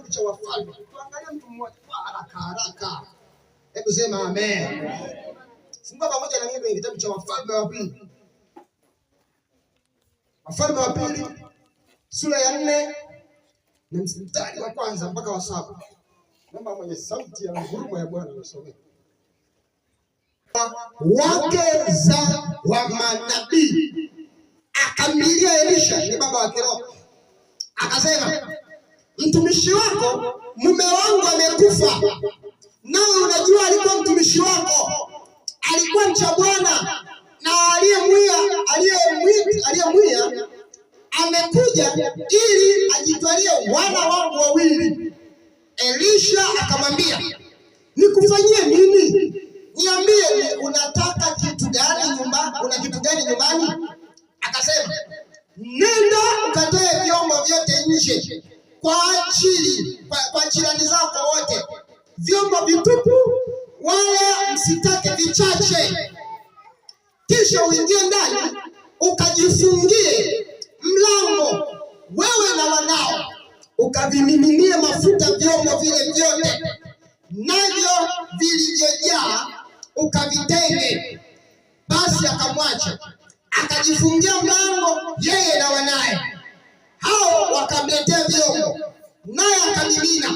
kitabu cha Wafalme, tuangalie mtu mmoja kwa haraka haraka. Hebu sema amen. Fungua pamoja na mimi kwenye kitabu cha Wafalme wa pili, Wafalme wa pili sura ya nne na mstari wa kwanza mpaka wa saba. Naomba mwenye sauti ya huruma ya Bwana nisomee wake za wa manabii akamlilia Elisha, ni baba wa kiroho, akasema mtumishi wako mume wangu amekufa, nao unajua alikuwa mtumishi wako, alikuwa mcha Bwana na aliyemwia aliyemwia amekuja ili ajitwalie wana wangu wawili. Elisha akamwambia, nikufanyie nini? Niambie, unataka kitu gani nyumba, Una kitu gani nyumbani? Akasema, nenda ukatoe vyombo vyote nje kwa ajili kwa, kwa jirani zako wote. Vyombo vitupu wala msitake vichache, kisha uingie ndani ukajifungie mlango wewe na wanao, ukavimiminie mafuta vyombo vile vyote, navyo vilivyojaa ukavitenge. Basi akamwacha akajifungia mlango yeye na wanaye hao wakamletea vyombo, naye akamimina.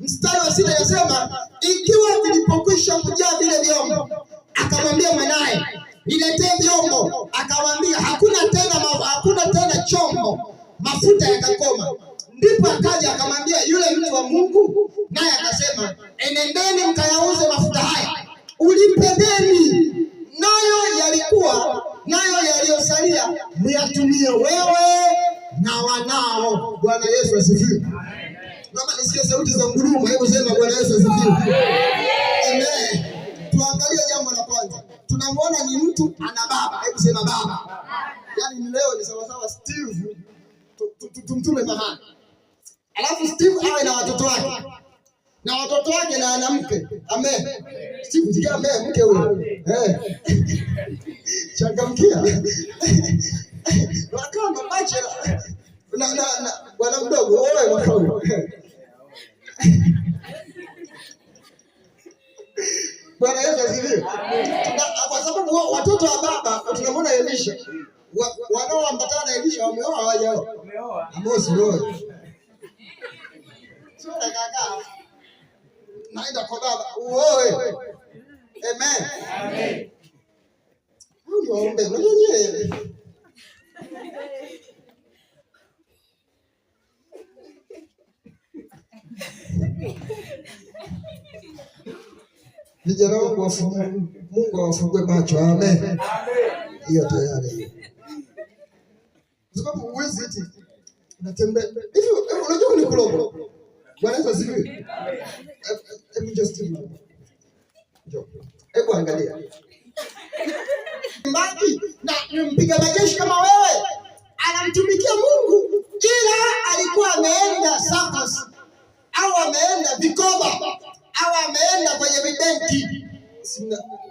Mstari wa sita yasema, ikiwa vilipokwisha kujaa vile vyombo, akamwambia mwanaye, niletee vyombo. Akamwambia, hakuna tena, hakuna tena chombo. Mafuta yakakoma. Ndipo akaja akamwambia yule mtu wa Mungu, naye akasema, enendeni mkayauze mafuta haya ulipe deni, nayo yalikuwa nayo yaliyosalia muyatumie wewe na wanao. Bwana Yesu asifiwe. Kama nisikie sauti za nguruma. hebu sema Bwana Yesu asifiwe. Amen. Tuangalie jambo la kwanza, tunamwona ni mtu ana baba. Hebu sema baba. Yaani leo ni sawasawa Steve tumtume mahali, alafu Steve awe na watoto wake na watoto wake na ana Amen. Steve tikia mke huyo. Eh. Changamkia. Makamba bachelor. Na na na bwana mdogo wewe Bwana Yesu Kwa sababu watoto wa baba tunamwona Elisha wanaoambatana na Elisha wameoa hawajaoa? Wameoa. Amos roho. Naenda kwa baba uoe. Amen. Amen. Ndio ombe. Ndio yeye. Vijana wangu Mungu awafungue macho. Amen. Hiyo tayari. Kwa sababu uwezi eti unatembea. Hivi eh, unajua ni kulogo. Bwana Yesu asifiwe. Eh, eh, hebu just Hebu angalia mbaki na mpiga majeshi kama wewe, anamtumikia Mungu, ila alikuwa ameenda sakas au ameenda vikoba au ameenda kwenye vibenki.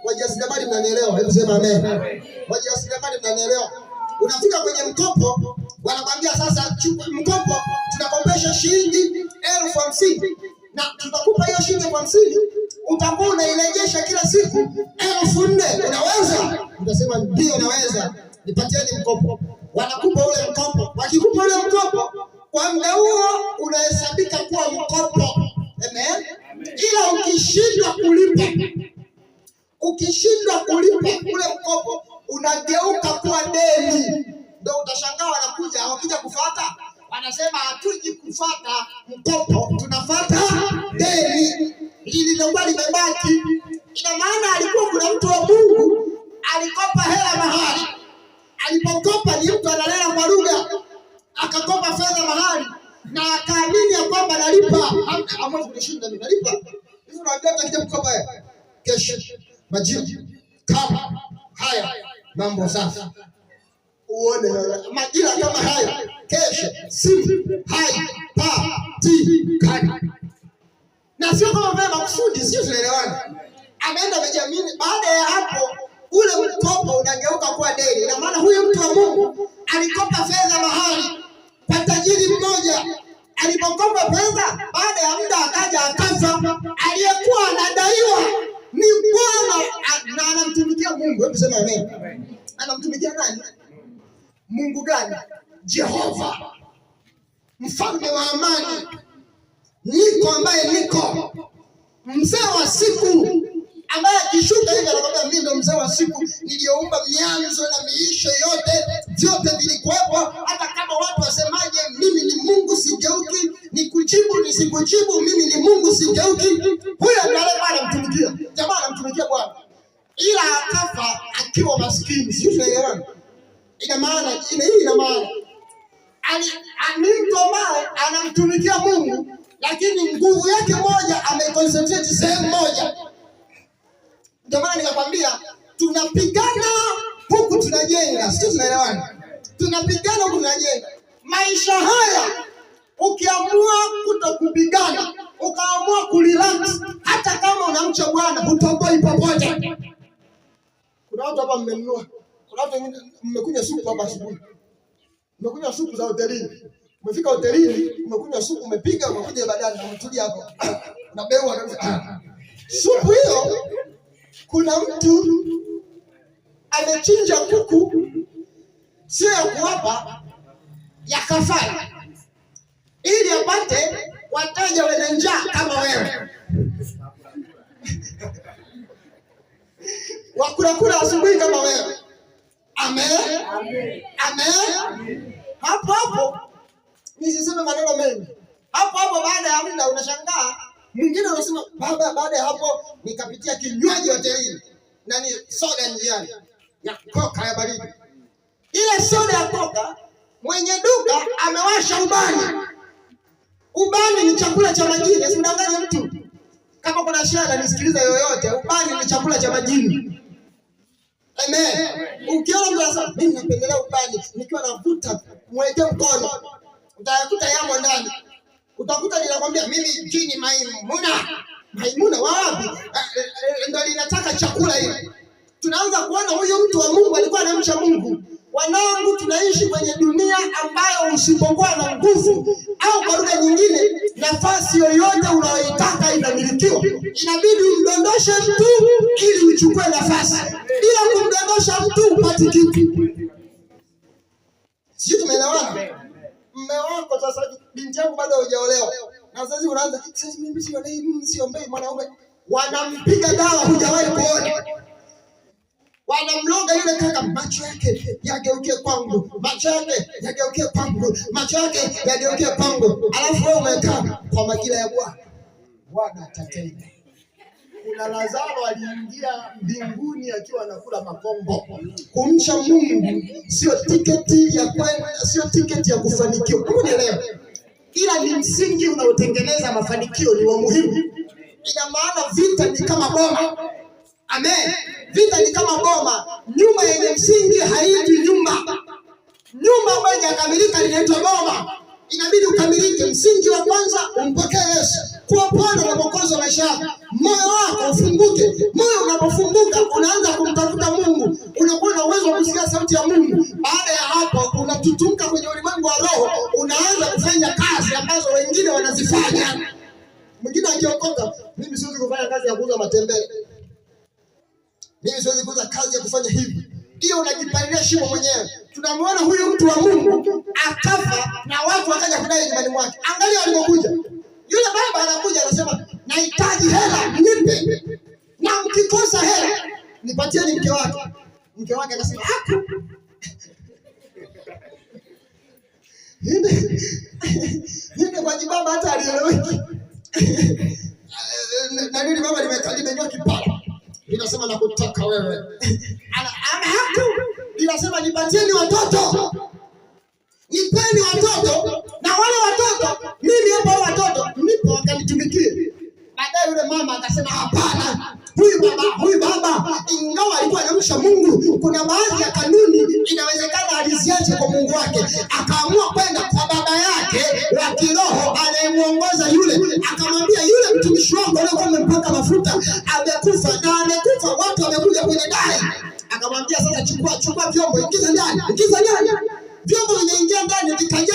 Wajasiriamali mnanielewa? Hebu sema amen. Wajasiriamali mnanielewa? Unafika kwenye mkopo, wanakwambia sasa, mkopo tunakompesha shilingi elfu hamsini na tutakupa hiyo shilingi hamsini, utakuwa unairejesha kila siku elfu nne. Unaweza? Utasema ndio naweza, nipatieni mkopo. Wanakupa ule mkopo, wakikupa ule mkopo kwa muda huo unahesabika kuwa mkopo. Amen. Ila ukishindwa kulipa, ukishindwa kulipa ule mkopo unageuka kuwa deni, ndio utashangaa wanakuja, wakija kufuata Anasema hatuji kufata mkopo, tunafata deni lililokuwa limebaki. Ina maana alikuwa kuna mtu wa Mungu alikopa hela mahali, alipokopa ni mtu analela kwa lugha, akakopa fedha mahali na akaamini ya kwamba nalipa, amwezi kunishinda mimi, nalipa hivi. Unaambia utakuja kukopa kesho, majibu kama haya mambo sasa uone majira kama haya kesho, si kai Na sio kama vile makusudi, sio tunaelewana. Ameenda amejiamini. Baada ya hapo, ule mkopo unageuka kuwa deni. na maana huyu mtu wa Mungu alikopa fedha mahali kwa tajiri mmoja. Alipokopa fedha, baada ya muda akaja akafa. Aliyekuwa anadaiwa ni Bwana na anamtumikia Mungu. Hebu sema amen. Anamtumikia nani? Mungu gani? Jehova, mfalme wa amani, niko ambaye niko, mzee wa siku ambaye akishuka hivi anakwambia mimi ndo mzee wa siku niliyoumba mianzo na miisho yote, vyote vilikuwepo. Hata kama watu wasemaje, mimi ni Mungu sigeuki, nikujibu nisikujibu, mimi ni Mungu sigeuki. Huyo ndiye anamtumikia jamaa, anamtumikia Bwana ila akafa akiwa maskini, sio? Ina maana hii, ina maana mtu ambaye anamtumikia Mungu, lakini nguvu yake moja ameconcentrate sehemu moja. Ndio maana nikakwambia tunapigana huku tunajenga, sio? Tunaelewana? Tunapigana huku tunajenga. Maisha haya ukiamua kutokupigana, ukaamua kurelax, hata kama unamcha Bwana hutoboi popote. Kuna watu hapa mmenunua kuna watu wengine mmekunywa supu hapa asubuhi. Mmekunywa supu za hotelini. Umefika hotelini, umekunywa supu, umepiga, umekuja badala na mtulia hapo. Na ah, Supu hiyo kuna mtu amechinja kuku sio ya kuwapa ya kafara ili apate wateja wenye njaa kama wewe wakulakula asubuhi kama wewe. Amen. Amen. Amen. Hapo hapo nisiseme maneno mengi. Hapo hapo baada ya muda unashangaa mwingine unasema baba, baada ya hapo nikapitia kinywaji hotelini na ni soda njiani ya koka ya baridi. Ile soda ya koka mwenye duka amewasha ubani. Ubani ni chakula cha majini, usidanganye mtu. Kama kuna shida nisikiliza yoyote, ubani ni chakula cha majini. Amen. Ukiona mtu anasema mimi napendelea ubani, nikiwa navuta mwekee mkono, utakuta yamo ndani, utakuta linakwambia mimi jini maimuna maimuna wapi, eh, eh, eh, ndio linataka chakula hivi. Tunaanza kuona huyu mtu wa Mungu alikuwa anamcha Mungu. Wanangu, tunaishi kwenye dunia ambayo usipokuwa na nguvu au kwa lugha nyingine, nafasi yoyote unayoitaka inamilikiwa. Inabidi umdondoshe mtu ili uchukue nafasi, bila kumdondosha mtu upati kitu. Sisi tumeelewana? Mme wako sasa, binti yangu bado hujaolewa, na wazazi unaanza sio mwanaume, wanampiga dawa, hujawahi kuona wanamloga yule kaka, macho yake yageukie kwangu, macho yake yageukie kwangu, macho yake yageukie kwangu. Alafu wewe umekaa kwa majira ya Bwana. Bwana atatenda. Kuna Lazaro aliingia mbinguni akiwa anakula makombo. Kumcha Mungu sio tiketi ya kwenda, sio tiketi ya kufanikiwa. Unielewa? Ila ni msingi unaotengeneza mafanikio, ni wa muhimu. Ina maana vita ni kama bomba Amen. Vita ni kama boma, nyumba yenye msingi haitwi nyumba. Nyumba ambayo haijakamilika inaitwa boma. Inabidi ukamilike. Msingi wa kwanza umpokee Yesu kuwa Bwana na Mwokozi wa maisha yako, moyo wako ufunguke. Moyo unapofunguka unaanza kumtafuta Mungu, unakuwa na uwezo wa kusikia sauti ya Mungu. Baada ya hapo, unatutumka kwenye ulimwengu wa roho, unaanza kufanya kazi ambazo wengine wanazifanya. Mwingine akiokoka, mimi siwezi kufanya kazi ya kuuza matembele kazi ya kufanya hivi, ndio unajipalilia shimo mwenyewe. Tunamwona huyu mtu wa Mungu akafa na watu wakaja kudai nyumbani mwake. Angalia alipokuja Yule baba anakuja anasema, nahitaji hela nipe, na mkikosa hela nipatieni mke wake. Mke wake anasema baba hata alieleweki. Na nini baba limejaa kipala inasema na kutaka wewe anahatu inasema nipatieni watoto, nipeni watoto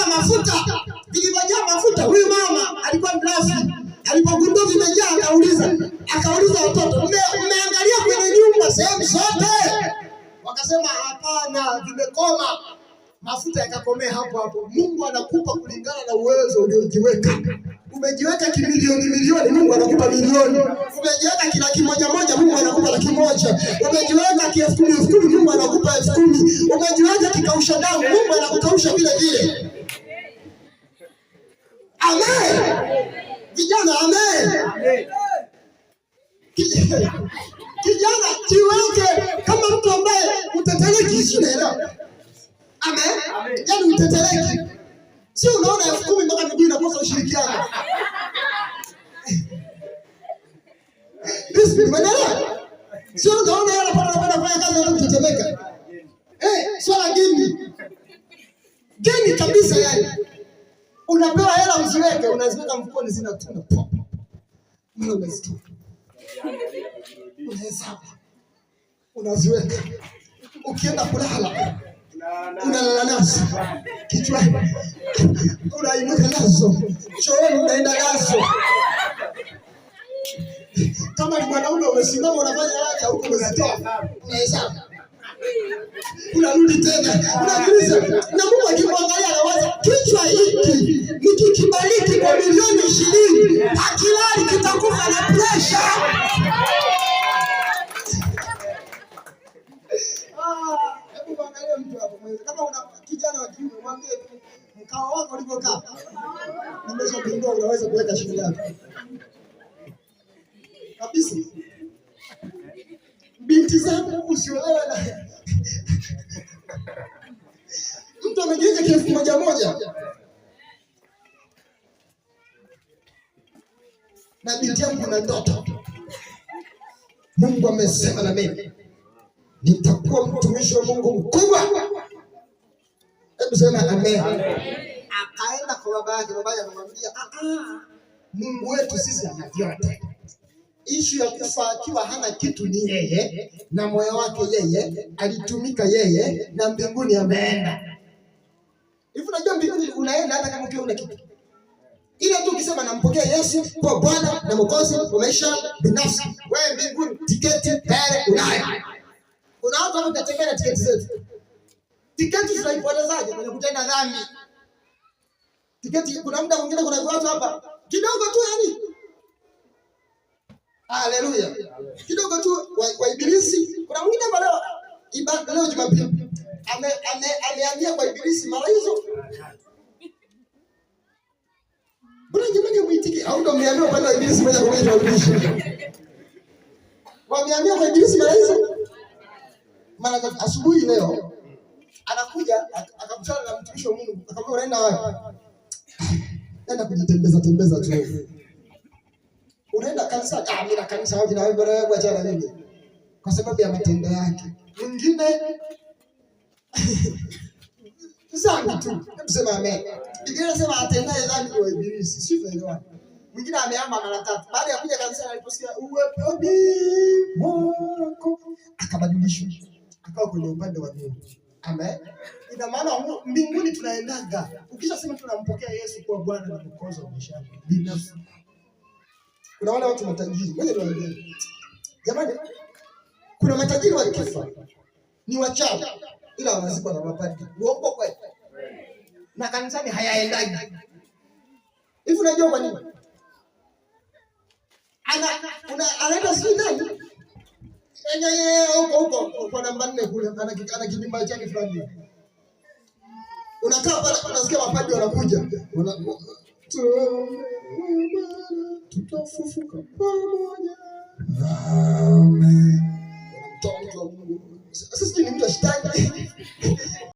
vimejaa mafuta, vilivyojaa mafuta. Huyu mama alikuwa mlafi, alipogundua vimejaa, akauliza akauliza watoto, mmeangalia kwenye nyumba sehemu zote? Wakasema hapana, vimekoma. Mafuta yakakomea hapo hapo. Mungu anakupa kulingana na uwezo uliojiweka. Umejiweka kimilioni milioni, Mungu anakupa milioni. Umejiweka kila kimoja moja, Mungu anakupa laki moja. Umejiweka kielfu kumi elfu kumi, Mungu anakupa elfu kumi. Umejiweka kikausha damu, Mungu anakukausha vile vile. Amen. Vijana, amen. Kijana jiweke kama mtu ambaye uteteleki, si unaelewa? Amen. Yaani uteteleki, si unaona elfu kumi mpaka miguu inakosa ushirikiano. Umeelewa? Si unaona yale pale anapenda kufanya kazi na kutetemeka. Eh, swala geni. Geni kabisa yani unapewa hela usiweke, unaziweka mfukoni, zinatuna unahesabu, unaziweka, ukienda kulala unalala nazo kichwani, unainuka nazo chooni, unaenda nazo kama ni mwanaume umesimama unafanya haja huko, unazitoa unahesabu unarudi tena, unaguza na Mungu akimwangalia anawaza kichwa hiki nikikibariki kwa milioni ishirini akilali kitakufa na presha. kabisa? Binti zangu usiolewa na mtu amejiweka kiasi moja moja na binti yangu na ndoto. Mungu amesema na mimi nitakuwa mtumishi wa Mungu mkubwa. Hebu sema amen. Akaenda kwa baba yake, baba yake anamwambia ah, ah, Mungu wetu sisi ana vyote. Ishu ya kufa akiwa hana kitu ni yeye, na moyo wake yeye, alitumika yeye, na mbinguni ameenda Hivi unajua mbinguni unaenda hata kama ukiwa una kitu. Ile tu ukisema nampokea Yesu kwa Bwana na Mwokozi wa maisha binafsi. Wewe mbinguni tiketi tayari unayo. Kuna watu wanatembea na tiketi zetu. Tiketi tunaipotezaje kwenye kutenda dhambi? Tiketi kuna muda mwingine kuna watu hapa kidogo tu yani. Haleluya. Kidogo tu kwa, wa ibilisi. Kuna mwingine hapa leo leo Jumapili amehamia kwa Ibilisi mara hizo. Bwana jamani, mwitiki au ndo mmehamia upande wa Ibilisi moja kwa moja Ibilisi. Wamehamia kwa Ibilisi mara hizo. Mara asubuhi leo anakuja akakutana na mtumishi wa Mungu akamwambia, unaenda wapi? Nenda kujitembeza tembeza tu. Unaenda kanisa? Ah, mimi na kanisa au kina wewe bwana wewe acha na mimi. Kwa sababu ya matendo yake. Mwingine zangu tu. Hebu sema amen. Biblia inasema atendaye dhambi ni ibilisi. Sifaelewa. Mwingine ameamba mara tatu. Baada ya kuja kanisa aliposikia uweponi wako akabadilishwa. Akawa kwenye upande wa Mungu. Amen. Ina maana mbinguni tunaendaga. Ukishasema tunampokea Yesu kuwa Bwana na Mwokozi wa maisha yako binafsi. Unaona watu matajiri. Ngoja niwaambie. Jamani, kuna matajiri walikifa. Ni wachawi ila wanazikwa na mapadri. Uongo kweli, na kanisani hayaendani hivi. Unajua kwa nini? Ana una analeta sijui nani huko huko kwa namba nne kule, ana kidimba chake fulani, unakaa pale, unasikia mapadri wanakuja una tutafufuka pamoja, amen. Tutafufuka wa sisi ni mtu wa shetani